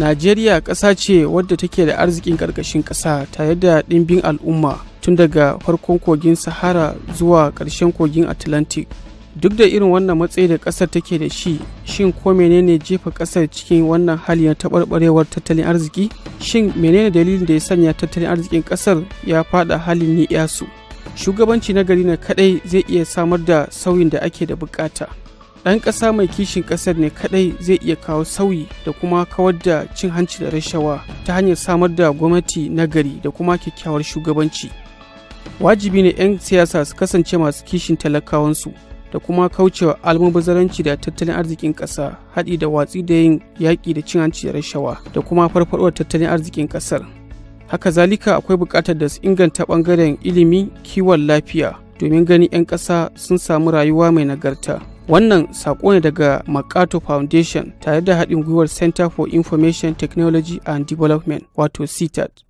najeriya ƙasa ce wadda take da arzikin ƙarƙashin ƙasa tare da ɗimbin al'umma tun daga farkon kogin sahara zuwa ƙarshen kogin atlantic duk da irin wannan matsayi da ƙasar take da shi shin ko menene jefa ƙasar cikin wannan hali na taɓarɓarewar tattalin arziki shin menene dalilin da ya sanya tattalin arzikin ƙasar ya faɗa halin ni yasu shugabanci na gari na kaɗai zai iya samar da sauyin da ake da buƙata ɗan ƙasa mai kishin ƙasar ne kaɗai zai iya kawo sauyi da kuma kawar da cin hanci da rashawa ta hanyar samar da gwamnati nagari da kuma kyakkyawar shugabanci wajibi ne 'yan siyasa su kasance masu kishin talakawansu da kuma kaucewa almubazaranci da tattalin arzikin ƙasa haɗi da watsi da yin yaƙi da cin hanci da rashawa da kuma farfaɗowar tattalin arzikin ƙasar haka zalika akwai buƙatar da su inganta ɓangaren ilimi kiwon lafiya domin ganin 'yan ƙasa sun samu rayuwa mai nagarta Wannan sako ne daga Makato Foundation tare da haɗin gwiwar Center for Information Technology and Development wato ctat